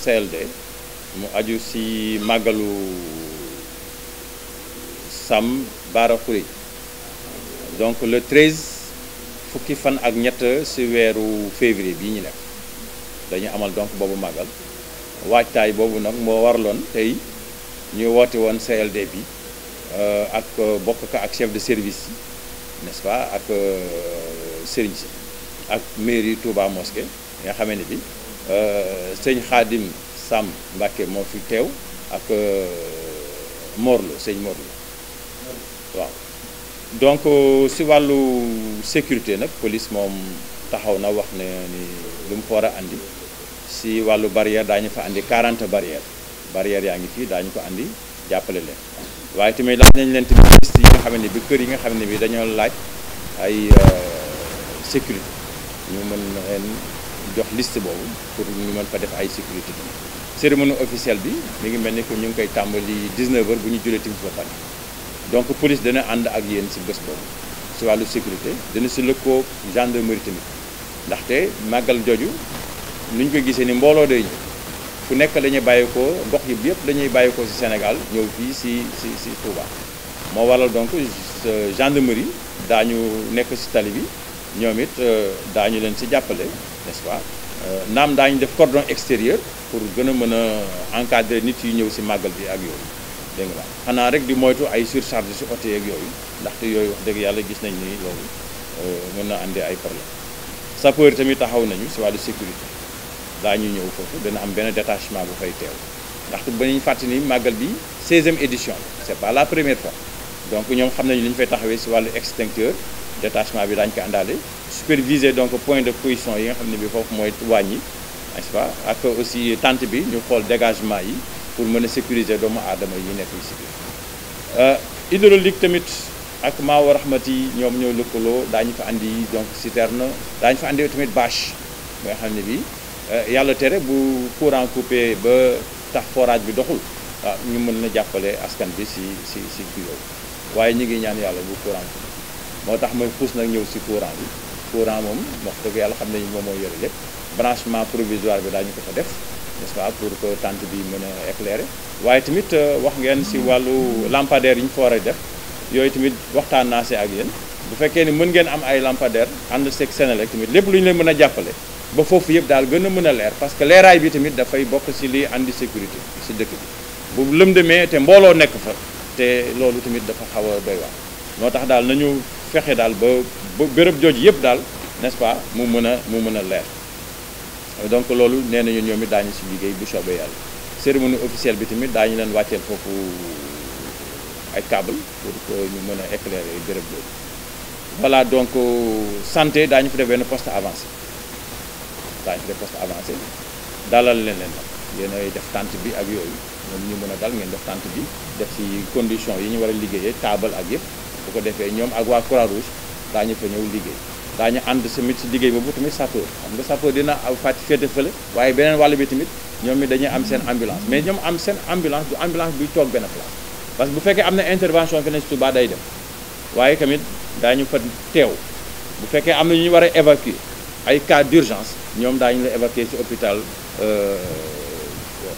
CLD mu aju si màggalu Sam Bara Khoury donc le 13 fukki fan ak ñett si weeru février bii ñu nekk dañu amal donc boobu màggal waajtaay boobu nag moo warloon tey ñuy woote woon CLD bi euh, ak euh, bokk ko ak chef de service yi n'est-ce pas ak euh, sëriñ si ak mairie Touba mosquée nga xamee ne bi Euh, sëñ Xaadim Sam Mbàkke moo fi teew ak euh, Morlo sëñ Morlo waaw donc euh, si wàllu sécurité nag police moom taxaw na wax ne ni lu mu fa war a andi si wàllu barrière daañu fa andi 40 barrière barrière yaa ngi fii daañu ko indi jàppale leen waaye tamit laaj nañ leen tamit yi nga xam ne bi kër yi nga xam ne bi dañoo laaj ay sécurité ñu mën leen jox list boobu pour ñu mën fa def ay sécurité cérémonie officielle bi mi ngi mel ni que ñu ngi koy tàmbali 19h bu ñu julee timis ba pare donc police dana ànd ak yéen si bés boobu si wàllu sécurité dana si lëkkoo gendarmerie tamit ndaxte màggal joju ni ñu ko gisee ni mbooloo day ñëw fu nekk dañuy bàyyeekoo gox yi yëpp dañuy bàyyeekoo si Sénégal ñëw fii si si si Touba moo waral donc gendarmerie daañu nekk si tali bi ñoom it euh, daañu leen si jàppale. n'est-ce euh, daañu def cordon extérieur pour gën a mën a encadrer nit yi ñëw si màggal bi ak yooyu dégg nga xanaa rek di moytu ay surcharge si oto yeeg yooyu ndaxte yooyu wax dëgg yàlla gis nañ ni loolu euh, mën na àndee ay problème sapeur tamit taxaw nañu si wàllu sécurité ñuy ñëw foofu dana am benn détachement bu fay teew ndaxte ba ñu fàttali ni màggal bi 16e édition c'est pas la première fois donc ñoom xam nañu li ñu fay taxawee si wàllu extincteur détachement bi dañ ko àndaale superviser donc point de position yi nga xam ne bi foofu mooy wàññi n'est-ce pas ak aussi tant bi ñu xool dégagement yi pour mën a sécuriser doomu aadama yi nekk ci biir euh, hydraulique tamit ak Maawa Rahmati ñoom ñoo lëkkaloo daañu fa indi donc si citerne dañ fa andi tamit bâche bi nga xam ne bi euh, yàlla tere bu courant coupé ba tax forage bi doxul ñu mën na jàppale askan bi si si si kii waaye ñu ngi ñaan yàlla bu courant coupé moo tax may xuus nag ñëw si courant bi courant moom wax dëgg yàlla xam nañu moom mooy yore lépp branchement provisoire bi daañu ko fa def n'est-ce pas pour que tente bi mën a éclairer waaye tamit euh, wax ngeen si wàllu lampadaire yi ñu fa war a def yooyu tamit waxtaan naa si ak yéen bu fekkee ni mën ngeen am ay lampadaire ànd seeg Senelec tamit lépp lu ñu leen mën a jàppale ba foofu yëpp daal gën a mën a leer parce que leeraay bi tamit dafay bokk si lii andi sécurité si dëkk bi bu lëndëmee te mbooloo nekk fa te loolu tamit dafa xaw a fexe daal ba ba béréb jooju yëpp daal n'est-ce pas mu mën a mu mën a leer donc loolu nee nañu ñoom it daañu si liggéey bu soobee yàlla cérémonie officielle bi tamit daañu leen wàcceel foofu ay cable pour que ñu mën a éclairer béréb boobu voilà donc euh, santé daañu fi def benn poste avancé daañu fi def poste avancé dalal leen leen nag ay def tente bi ak yooyu ñoom ñu mën a dal ngeen def tente bi def si condition yi ñu war a liggéeyee taabal ak yëpp bu ko defee ñoom ak waa Croix-Rouge daañu fa ñëw liggéey daa ñu ànd tamit si liggéey boobu tamit sapeur xam nga sapeur dina fàtti féete fële waaye beneen wàll bi tamit ñoom mi dañuy am seen ambulance mais ñoom am seen ambulance du ambulance buy toog benn place parce que bu fekkee am na intervention feneen si baa day dem waaye tamit daañu fa teew bu fekkee am na ñu war a évacuer ay cas d'urgence ñoom daañu la évacuer ci hôpital euh,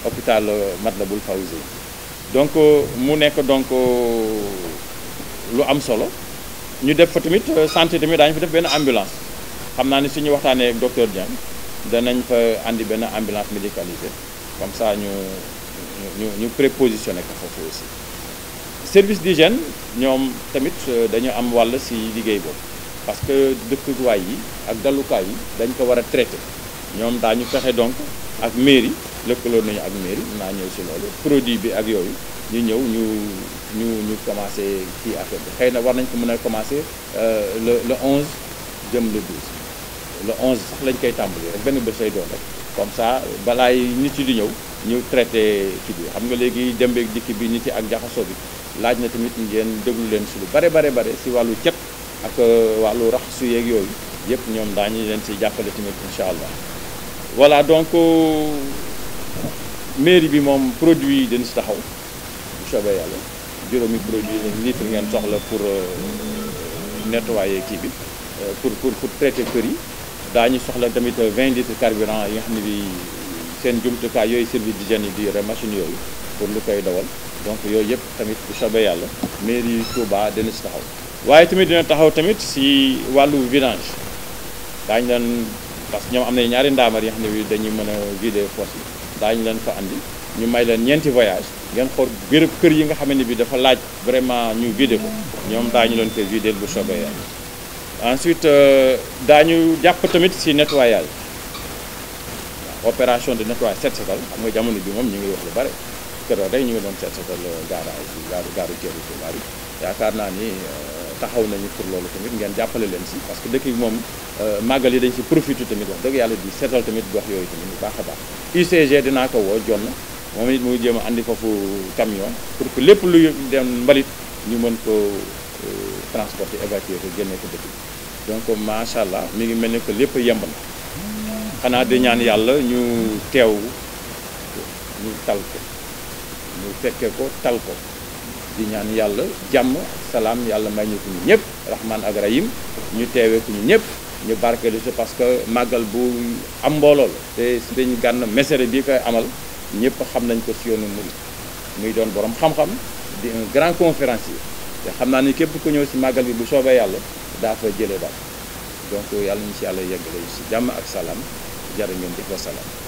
hôpital euh, Matlaboul Fawzeyni donc euh, nekk donc lu am solo ñu def fa tamit euh, santé tamit daañu fa def benn ambulance xam naa ni suñu waxtaanee ak docteur Diagne danañ fa andi benn ambulance médicalisée comme ça ñu ñu ñu prépositionné ko foofu aussi service d'hygiène ñoom tamit euh, dañu am wàll si liggéey boobu parce que dëkkuwaay yi ak dalukaay yi dañ ko war a traité ñoom daañu fexe donc ak mairie lëkkaloo nañu ak mairie naa ñëw si loolu produit bi ak yooyu ñu ñëw ñu ñu ñu commencé kii affaire bi xëy na war nañ ko mën a commencé euh, le le onze jëm le 12 le onze sax lañ koy tàmbali rek benn bés lay doon rek comme ça balaay nit yi di ñëw ñu traité ci bi xam nga léegi dem beeg dikk bi nit yi ak jaxasoo bi laaj na tamit ngeen déglu leen si lu bare bare bare si wàllu cet ak euh, wàllu si yeeg yooyu yëpp ñoom daañu leen si jàppale tamit incha allah voilà donc euh, mairie bi moom produit yi dañu si taxaw. soobee yàlla juróomi produit litre ngeen soxla pour euh, nettoyer kii bi euh, pour pour pour traiter kër yi daañu soxla tamit 20 litres carburant yi nga xam ne bi seen jumtukaay yooyu service d'hygiène yi di machine yooyu pour lu koy dawal donc yooyu yëpp tamit bu soobee yàlla mairie Touba dina si taxaw waaye tamit dina taxaw tamit si wàllu vidange daañ leen parce que ñoom am na ñaari ndaamar yi nga ne bi dañuy mën a vider fosse yi daañu leen fa indi ñu may leen ñeenti voyage ngeen xool béréb kër yi nga xam ne bi dafa laaj vraiment ñu vidé ko ñoom daañu leen koy vidé bu soobee yàlla ensuite euh, daañu jàpp tamit ci nettoyage opération de nettoyage set setal xam nga jamono bi moom ñu ngi wax lu bare keroog ñu ngi doon set setal euh, garage yi gaaru gaaru teeru tubaab yi yaakaar naa ni euh, taxaw nañu pour loolu tamit ngeen jàppale leen si parce que dëkk yi moom màggal yi dañ si profit tamit wax dëgg yàlla di seetal tamit gox yooyu tamit bu baax a baax UCG dinaa ko woo jonn moom it mu jéem a andi foofu camion pour que lépp luy dem mbalit ñu mën ko euh, transporter évacuer ko génne ko dëkk donc macha allah mi ngi mel ni que lépp yemb na xanaa di ñaan yàlla ñu teew ñu tal ko ñu fekke ko tal ko di ñaan yàlla jàmm salaam yàlla may ñu ko ñu ñëpp rahman ak ñu teewee ko ñu ñëpp ñu barkeelu si parce que màggal bu am mboolool la te sëriñ Gana Messere bi koy amal ñëpp xam nañ ko si yoonu murid muy doon borom xam-xam di un grand conférencier te xam naa ni képp ku ñëw si màggal bi bu soobee yàlla daa fa jëlee daal donc yàlla ñu si yàlla yeggale si jàmm ak salaam jërë ngeen jëf wa